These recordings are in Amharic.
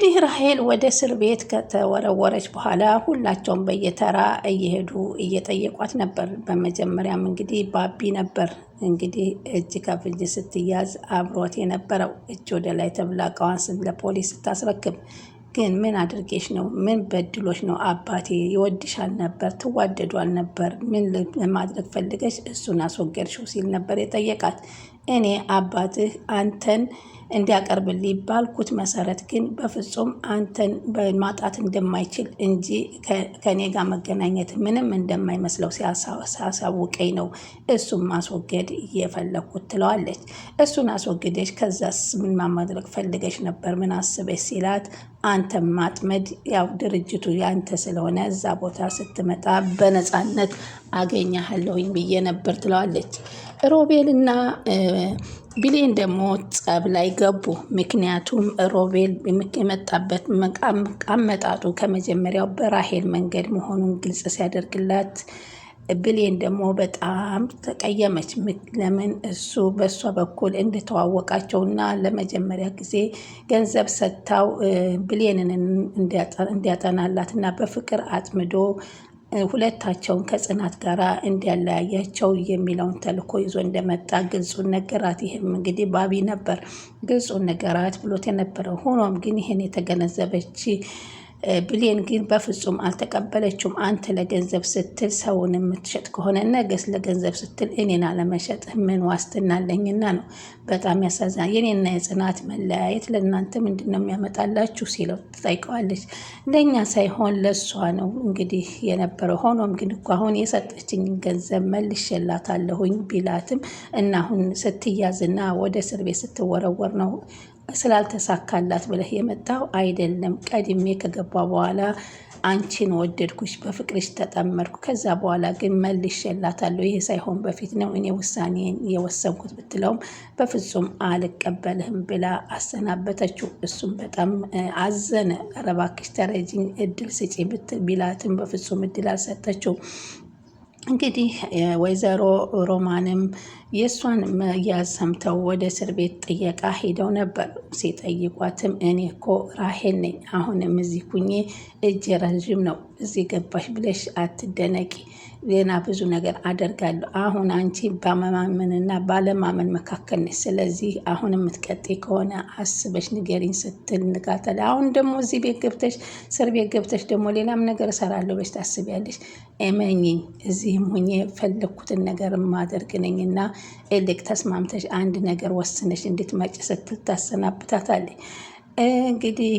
እንግዲህ ራሄል ወደ እስር ቤት ከተወረወረች በኋላ ሁላቸውም በየተራ እየሄዱ እየጠየቋት ነበር። በመጀመሪያም እንግዲህ ባቢ ነበር እንግዲህ እጅ ከፍንጅ ስትያዝ አብሮት የነበረው እጅ ወደ ላይ ተብላ እቃዋን ለፖሊስ ስታስረክብ ግን ምን አድርጌሽ ነው? ምን በድሎች ነው? አባቴ ይወድሻል ነበር፣ ትዋደዷል ነበር፣ ምን ለማድረግ ፈልገች እሱን አስወገድሽው ሲል ነበር የጠየቃት። እኔ አባትህ አንተን እንዲያቀርብልኝ ባልኩት መሰረት ግን በፍጹም አንተን ማጣት እንደማይችል እንጂ ከእኔ ጋር መገናኘት ምንም እንደማይመስለው ሲያሳውቀኝ ነው እሱን ማስወገድ እየፈለግኩት ትለዋለች። እሱን አስወግደች ከዛስ ምን ማድረግ ፈልገች ነበር? ምን አስበች ሲላት አንተን ማጥመድ ያው ድርጅቱ ያንተ ስለሆነ እዛ ቦታ ስትመጣ በነፃነት አገኛለሁኝ ብዬ ነበር ትለዋለች። ሮቤልና ቢሌን ደግሞ ጸብ ላይ ገቡ። ምክንያቱም ሮቤል የመጣበት አመጣጡ ከመጀመሪያው በራሄል መንገድ መሆኑን ግልጽ ሲያደርግላት ብሌን ደግሞ በጣም ተቀየመች። ለምን እሱ በእሷ በኩል እንደተዋወቃቸውና ለመጀመሪያ ጊዜ ገንዘብ ሰጥታው ብሌንን እንዲያጠናላት እና በፍቅር አጥምዶ ሁለታቸውን ከጽናት ጋር እንዲያለያያቸው የሚለውን ተልኮ ይዞ እንደመጣ ግልጹን ነገራት። ይህም እንግዲህ ባቢ ነበር ግልጹን ነገራት ብሎት የነበረው። ሆኖም ግን ይህን የተገነዘበች ብሌን ግን በፍጹም አልተቀበለችውም። አንተ ለገንዘብ ስትል ሰውን የምትሸጥ ከሆነ ነገስ ለገንዘብ ስትል እኔን አለመሸጥ ምን ዋስትና አለኝና ነው። በጣም ያሳዝናል። የኔና የጽናት መለያየት ለእናንተ ምንድን ነው የሚያመጣላችሁ? ሲለው ትጠይቀዋለች። ለእኛ ሳይሆን ለእሷ ነው እንግዲህ የነበረው። ሆኖም ግን እኮ አሁን የሰጠችኝ ገንዘብ መልሼላታለሁኝ ቢላትም እና አሁን ስትያዝና ወደ እስር ቤት ስትወረወር ነው ስላልተሳካላት ብለህ የመጣው አይደለም። ቀድሜ ከገባ በኋላ አንቺን ወደድኩሽ፣ በፍቅርሽ ተጠመድኩ። ከዛ በኋላ ግን መልሼላታለሁ። ይሄ ሳይሆን በፊት ነው እኔ ውሳኔን የወሰንኩት ብትለውም በፍጹም አልቀበልህም ብላ አሰናበተችው። እሱም በጣም አዘነ። እባክሽ ተረጅኝ፣ እድል ስጪ ቢላትም በፍጹም እድል አልሰጠችው። እንግዲህ ወይዘሮ ሮማንም የእሷን መያዝ ሰምተው ወደ እስር ቤት ጥየቃ ሄደው ነበር። ሲጠይቋትም እኔ እኮ ራሄል ነኝ፣ አሁንም እዚህ ኩኜ እጅ ረዥም ነው፣ እዚህ ገባሽ ብለሽ አትደነቂ ገና ብዙ ነገር አደርጋለሁ። አሁን አንቺ በማመንና ባለማመን መካከል ነች። ስለዚህ አሁን የምትቀጤ ከሆነ አስበሽ ንገሪኝ ስትል ንጋታል። አሁን ደግሞ እዚህ ቤት ገብተሽ ስር ቤት ገብተሽ ደግሞ ሌላም ነገር እሰራለሁ በሽ ታስቢያለሽ። እመኝኝ፣ እዚህም ሁኜ የፈለግኩትን ነገር ማደርግ ነኝ እና እልቅ ተስማምተሽ አንድ ነገር ወስነሽ እንድትመጭ ስትል ታሰናብታታለች። እንግዲህ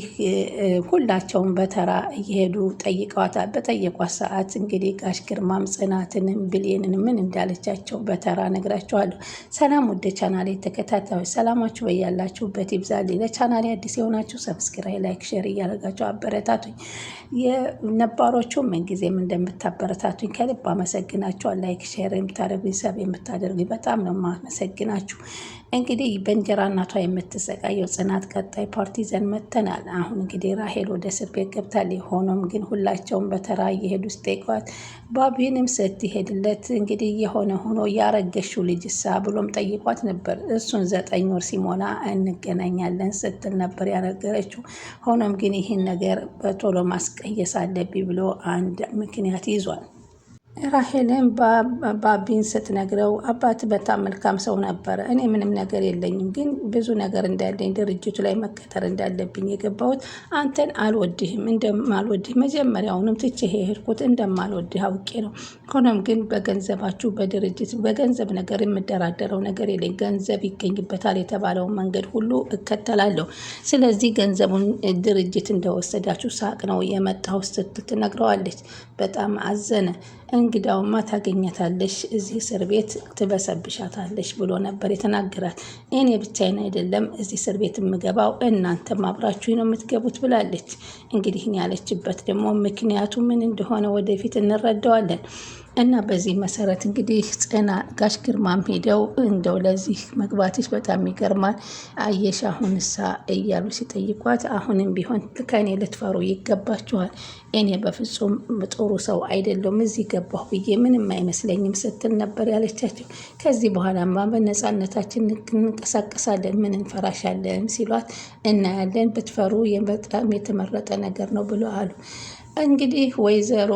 ሁላቸውም በተራ እየሄዱ ጠይቀዋታል። በጠየቋት ሰዓት እንግዲህ ጋሽ ግርማም ጽናትንም ብሌንን ምን እንዳለቻቸው በተራ ነግራቸዋለሁ። ሰላም ወደ ቻናሌ ተከታታዮች ሰላማችሁ በያላችሁበት ይብዛል። ለቻናሌ አዲስ የሆናችሁ ሰብስክራይ፣ ላይክ፣ ሼር እያደረጋቸው አበረታቱኝ። የነባሮቹ ምንጊዜም እንደምታበረታቱኝ ከልብ አመሰግናቸዋል። ላይክ፣ ሼር የምታደርጉኝ ሰብ የምታደርጉኝ በጣም ነው ማመሰግናችሁ። እንግዲህ በእንጀራ እናቷ የምትሰቃየው ጽናት ቀጣይ ፓርቲ ይዘን መተናል። አሁን እንግዲህ ራሄል ወደ እስር ቤት ገብታለች። ሆኖም ግን ሁላቸውም በተራ እየሄዱ ስጠይቋት ባቢንም ስትሄድለት እንግዲህ የሆነ ሆኖ ያረገሽው ልጅሳ ብሎም ጠይቋት ነበር። እሱን ዘጠኝ ወር ሲሞላ እንገናኛለን ስትል ነበር ያነገረችው። ሆኖም ግን ይህን ነገር በቶሎ ማስቀየስ አለብኝ ብሎ አንድ ምክንያት ይዟል። ራሄልን ባቢን ስትነግረው አባት በጣም መልካም ሰው ነበረ። እኔ ምንም ነገር የለኝም፣ ግን ብዙ ነገር እንዳለኝ ድርጅቱ ላይ መቀጠር እንዳለብኝ የገባሁት አንተን አልወድህም እንደማልወድህ መጀመሪያውንም ትቼ የሄድኩት እንደማልወድህ አውቄ ነው። ሆኖም ግን በገንዘባችሁ በድርጅት በገንዘብ ነገር የምደራደረው ነገር የለኝ። ገንዘብ ይገኝበታል የተባለውን መንገድ ሁሉ እከተላለሁ። ስለዚህ ገንዘቡን ድርጅት እንደወሰዳችሁ ሳቅ ነው የመጣው ስትል ትነግረዋለች። በጣም አዘነ። እንግዳውማ ታገኘታለሽ፣ እዚህ እስር ቤት ትበሰብሻታለሽ ብሎ ነበር የተናገራት። እኔ ብቻዬን አይደለም እዚህ እስር ቤት የምገባው እናንተም አብራችሁ ነው የምትገቡት ብላለች። እንግዲህ ያለችበት ደግሞ ምክንያቱ ምን እንደሆነ ወደፊት እንረዳዋለን። እና በዚህ መሰረት እንግዲህ ጽና ጋሽ ግርማም ሄደው እንደው ለዚህ መግባትሽ በጣም ይገርማል፣ አየሽ አሁን እሳ እያሉ ሲጠይቋት አሁንም ቢሆን ከእኔ ልትፈሩ ይገባችኋል፣ እኔ በፍጹም ጥሩ ሰው አይደለሁም፣ እዚህ ገባሁ ብዬ ምንም አይመስለኝም ስትል ነበር ያለቻቸው። ከዚህ በኋላማ በነፃነታችን እንንቀሳቀሳለን፣ ምን እንፈራሻለን ሲሏት እናያለን፣ ብትፈሩ በጣም የተመረጠ ነገር ነው ብሎ አሉ። እንግዲህ ወይዘሮ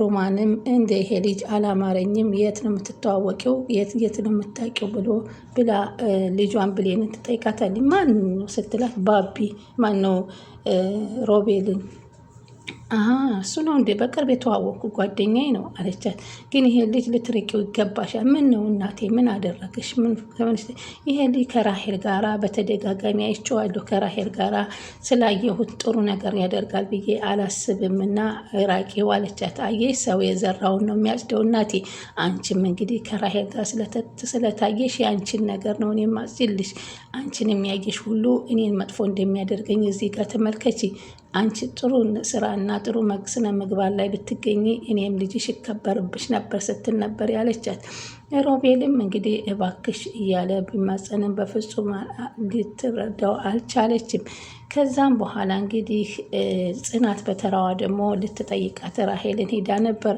ሩማንም እንደ ይሄ ልጅ አላማረኝም፣ የት ነው የምትተዋወቂው? የት የት ነው የምታውቂው? ብሎ ብላ ልጇን ብሌንን ትጠይቃታለች። ማን ነው ስትላት፣ ባቢ ማን ነው ሮቤልን እሱ ነው እንዴ? በቅርብ የተዋወቅኩ ጓደኛዬ ነው አለቻት። ግን ይሄ ልጅ ልትርቂው ይገባሻል። ምን ነው እናቴ፣ ምን አደረግሽ? ይሄ ልጅ ከራሄል ጋራ በተደጋጋሚ አይቼዋለሁ። ከራሄል ጋራ ስላየሁት ጥሩ ነገር ያደርጋል ብዬ አላስብም እና ራቂው አለቻት። አየ ሰው የዘራውን ነው የሚያጭደው እናቴ። አንቺም እንግዲህ ከራሄል ጋር ስለታየሽ የአንቺን ነገር ነው እኔ ማጽልሽ። አንቺን የሚያየሽ ሁሉ እኔን መጥፎ እንደሚያደርገኝ እዚህ ጋር ተመልከቺ አንቺ ጥሩ ስራ እና ጥሩ ስነ ምግባር ላይ ብትገኝ እኔም ልጅሽ ይከበርብሽ ነበር ስትል ነበር ያለቻት። ሮቤልም እንግዲህ እባክሽ እያለ ቢማጸንም በፍጹም ልትረዳው አልቻለችም። ከዛም በኋላ እንግዲህ ጽናት በተራዋ ደግሞ ልትጠይቃት ራሄልን ሄዳ ነበር።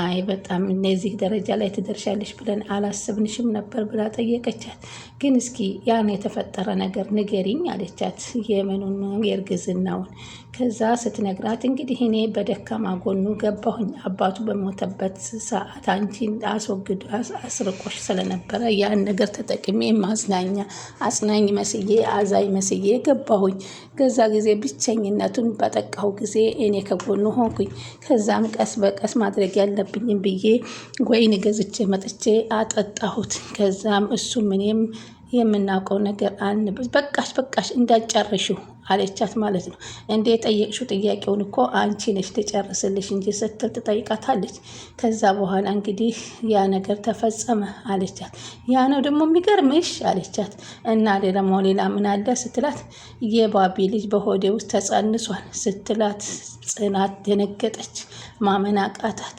አይ በጣም እነዚህ ደረጃ ላይ ትደርሻለሽ ብለን አላስብንሽም ነበር ብላ ጠየቀቻት። ግን እስኪ ያን የተፈጠረ ነገር ንገሪኝ አለቻት፣ የምኑን የእርግዝናውን። ከዛ ስትነግራት እንግዲህ እኔ በደካማ ጎኑ ገባሁኝ አባቱ በሞተበት ሰዓት አንቺን አስወግዱ ስርቆሽ ስለነበረ ያን ነገር ተጠቅሜ ማዝናኛ አጽናኝ መስዬ አዛኝ መስዬ ገባሁኝ። ከዛ ጊዜ ብቸኝነቱን በጠቃሁ ጊዜ እኔ ከጎኑ ሆንኩኝ። ከዛም ቀስ በቀስ ማድረግ ያለብኝም ብዬ ወይን ገዝቼ መጥቼ አጠጣሁት። ከዛም እሱም እኔም የምናውቀው ነገር አንብ በቃሽ በቃሽ እንዳጨርሽው አለቻት ማለት ነው። እንደ የጠየቅሽው ጥያቄውን እኮ አንቺ ነሽ ትጨርስልሽ እንጂ ስትል ትጠይቃታለች። ከዛ በኋላ እንግዲህ ያ ነገር ተፈጸመ አለቻት። ያ ነው ደግሞ የሚገርምሽ አለቻት። እና ደግሞ ሌላ ምን አለ ስትላት የባቢ ልጅ በሆዴ ውስጥ ተጸንሷል ስትላት ጽናት ደነገጠች፣ ማመን አቃታት።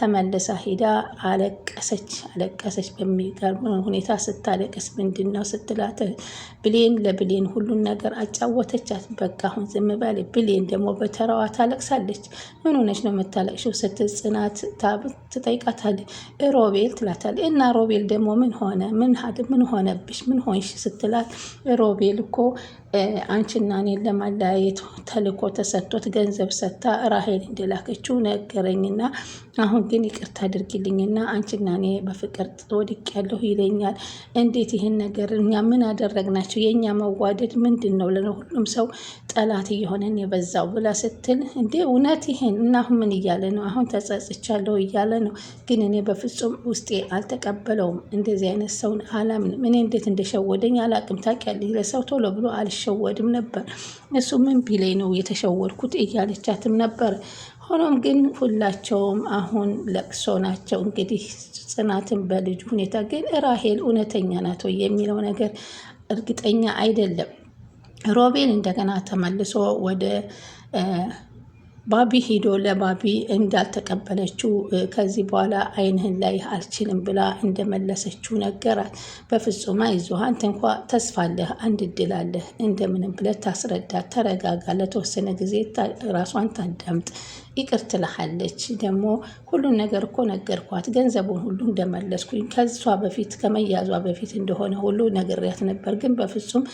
ተመልሳ ሄዳ አለቀሰች። አለቀሰች በሚገርም ሁኔታ ስታለቅስ ምንድን ነው ስትላት ብሌን ለብሌን ሁሉን ነገር አጫወተቻት። በቃ አሁን ዝም በል። ብሌን ደግሞ በተራዋ ታለቅሳለች። ምን ሆነች ነው የምታለቅሽው? ስትል ጽናት ትጠይቃታለች። ሮቤል ትላታለች። እና ሮቤል ደግሞ ምን ሆነ? ምን ሆነብሽ? ምን ሆንሽ? ስትላት ሮቤል እኮ አንቺና እኔን ለማለያየት ተልኮ ተሰጥቶት ገንዘብ ሰጥታ ራሄል እንደላከችው ነገረኝና አሁን ግን ይቅርታ አድርጊልኝና አንቺና እኔ በፍቅር ወድቅ ያለሁ ይለኛል። እንዴት ይህን ነገር እኛ ምን አደረግናቸው? የእኛ መዋደድ ምንድን ነው? ሁሉም ሰው ጠላት እየሆነን የበዛው ብላ ስትል እንዴ እውነት ይህን እና አሁን ምን እያለ ነው? አሁን ተጸጽቻለሁ እያለ ነው። ግን እኔ በፍጹም ውስጤ አልተቀበለውም። እንደዚህ አይነት ሰውን አላምንም። እኔ እንዴት እንደሸወደኝ አላቅም። ታውቂያለሽ፣ ለሰው ቶሎ ብሎ አልሽ አልሸወድም ነበር። እሱ ምን ቢለኝ ነው የተሸወድኩት እያለቻትም ነበር። ሆኖም ግን ሁላቸውም አሁን ለቅሶ ናቸው። እንግዲህ ጽናትን በልጁ ሁኔታ ግን ራሄል እውነተኛ ናት ወይ የሚለው ነገር እርግጠኛ አይደለም። ሮቤል እንደገና ተመልሶ ወደ ባቢ ሄዶ ለባቢ እንዳልተቀበለችው ከዚህ በኋላ አይንህን ላይ አልችልም ብላ እንደመለሰችው ነገራት። በፍጹም አይዞህ፣ አንተ እንኳ ተስፋለህ፣ አንድ እድል አለህ፣ እንደምንም ብለህ ታስረዳት፣ ተረጋጋ፣ ለተወሰነ ጊዜ ራሷን ታዳምጥ ይቅር ትልሃለች። ደግሞ ሁሉን ነገር እኮ ነገርኳት፣ ገንዘቡን ሁሉ እንደመለስኩኝ ከሷ በፊት ከመያዟ በፊት እንደሆነ ሁሉ ነግሬያት ነበር። ግን በፍጹም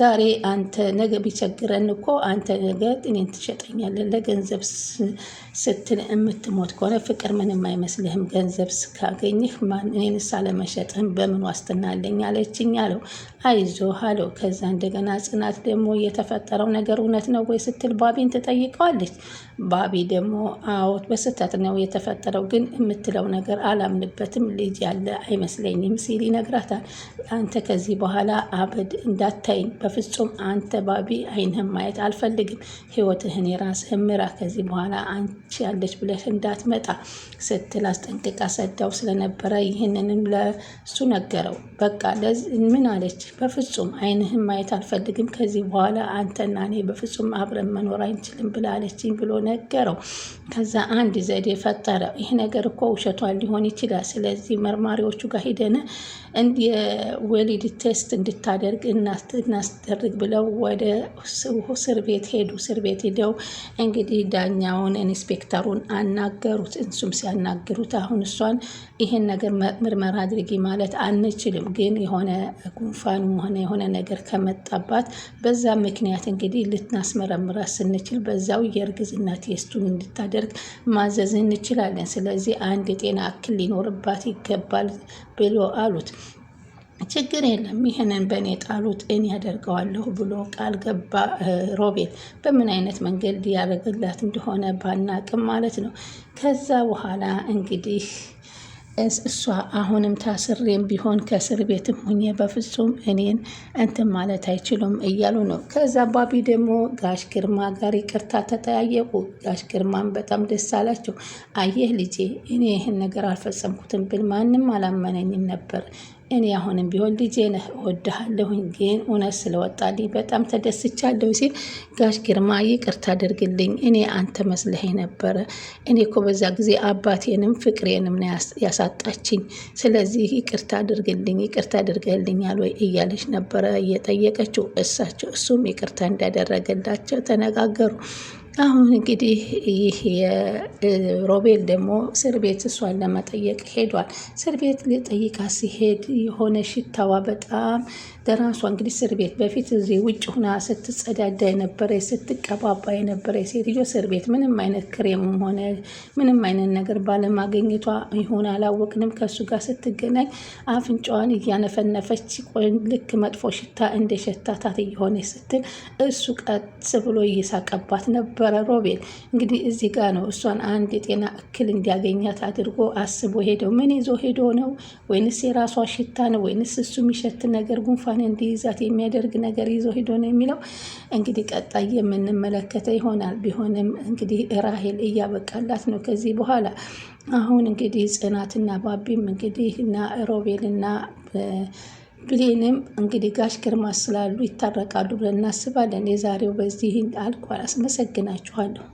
ዛሬ አንተ ነገ ቢቸግረን እኮ አንተ ነገ እኔን ትሸጠኛለን። ለገንዘብ ስትል የምትሞት ከሆነ ፍቅር ምንም አይመስልህም። ገንዘብ ስካገኝህ ማን እኔንስ በምን ዋስትና አለኝ አለችኝ አለው። አይዞ አለው። ከዛ እንደገና ጽናት ደግሞ የተፈጠረው ነገር እውነት ነው ወይ ስትል ባቢን ትጠይቀዋለች። ባቢ ደግሞ አዎ በስህተት ነው የተፈጠረው፣ ግን የምትለው ነገር አላምንበትም፣ ልጅ ያለ አይመስለኝም ሲል ይነግራታል። አንተ ከዚህ በኋላ አበድ እንዳታይኝ በፍጹም አንተ ባቢ አይንህም ማየት አልፈልግም። ህይወትህን የራስህን ምራ፣ ከዚህ በኋላ አንቺ ያለች ብለህ እንዳትመጣ ስትል አስጠንቅቃ ሰዳው ስለነበረ ይህንንም ለሱ ነገረው። በቃ ምን አለች? በፍጹም አይንህም ማየት አልፈልግም፣ ከዚህ በኋላ አንተና እኔ በፍጹም አብረን መኖር አንችልም ብላለችኝ ብሎ ነገረው። ከዛ አንድ ዘዴ ፈጠረ። ይህ ነገር እኮ ውሸቷን ሊሆን ይችላል፣ ስለዚህ መርማሪዎቹ ጋር ሂደን የወሊድ ቴስት እንድታደርግ እናስደርግ ብለው ወደ እስር ቤት ሄዱ። እስር ቤት ሄደው እንግዲህ ዳኛውን ኢንስፔክተሩን አናገሩት። እንሱም ሲያናግሩት አሁን እሷን ይህን ነገር ምርመራ አድርጊ ማለት አንችልም ግን የሆነ ጉንፋኑም ሆነ የሆነ ነገር ከመጣባት በዛ ምክንያት እንግዲህ ልናስመረምራት ስንችል በዛው የእርግዝና ቴስቱን እንድታደርግ ማዘዝ እንችላለን። ስለዚህ አንድ የጤና እክል ሊኖርባት ይገባል ብሎ አሉት። ችግር የለም ይህንን በእኔ ጣሉት፣ እኔ ያደርገዋለሁ ብሎ ቃል ገባ ሮቤል። በምን አይነት መንገድ ሊያደርግላት እንደሆነ ባናቅም ማለት ነው። ከዛ በኋላ እንግዲህ እሷ አሁንም ታስሬም ቢሆን ከእስር ቤትም ሁኜ በፍጹም እኔን እንትን ማለት አይችሉም እያሉ ነው። ከዛ ባቢ ደግሞ ጋሽ ግርማ ጋር ይቅርታ ተጠያየቁ። ጋሽ ግርማን በጣም ደስ አላቸው። አየህ ልጄ፣ እኔ ይህን ነገር አልፈጸምኩትም ብል ማንም አላመነኝም ነበር እኔ አሁንም ቢሆን ልጄ ነህ እወድሃለሁኝ፣ ግን እውነት ስለወጣልኝ በጣም ተደስቻለሁ ሲል ጋሽ ግርማ ይቅርታ አድርግልኝ፣ እኔ አንተ መስለኸኝ ነበረ። እኔ እኮ በዛ ጊዜ አባቴንም ፍቅሬንም ነው ያሳጣችኝ። ስለዚህ ይቅርታ አድርግልኝ፣ ይቅርታ አድርገልኛል ወይ እያለች ነበረ እየጠየቀችው። እሳቸው እሱም ይቅርታ እንዳደረገላቸው ተነጋገሩ። አሁን እንግዲህ ይህ የሮቤል ደግሞ እስር ቤት እሷን ለመጠየቅ ሄዷል። እስር ቤት ሊጠይቃ ሲሄድ የሆነ ሽታዋ በጣም ለራሷ እንግዲህ እስር ቤት በፊት እዚህ ውጭ ሁና ስትጸዳዳ የነበረ ስትቀባባ የነበረ ሴትዮ እስር ቤት ምንም አይነት ክሬምም ሆነ ምንም አይነት ነገር ባለማገኘቷ ይሆን አላወቅንም፣ ከእሱ ጋር ስትገናኝ አፍንጫዋን እያነፈነፈች ልክ መጥፎ ሽታ እንደ ሸታታት እየሆነ ስትል እሱ ቀስ ብሎ እየሳቀባት ነበረ። ሮቤል እንግዲህ እዚህ ጋ ነው እሷን አንድ የጤና እክል እንዲያገኛት አድርጎ አስቦ ሄደው። ምን ይዞ ሄዶ ነው? ወይንስ የራሷ ሽታ ነው? ወይንስ እሱ የሚሸት ነገር ጉንፋ ልቧን እንዲይዛት የሚያደርግ ነገር ይዞ ሂዶ ነው የሚለው እንግዲህ ቀጣይ የምንመለከተ ይሆናል። ቢሆንም እንግዲህ ራሄል እያበቃላት ነው ከዚህ በኋላ አሁን እንግዲህ ጽናትና ባቢም እንግዲህ እና ሮቤልና ብሌንም እንግዲህ ጋሽ ግርማ ስላሉ ይታረቃሉ ብለን እናስባለን። የዛሬው በዚህ አልቋል። አስመሰግናችኋለሁ።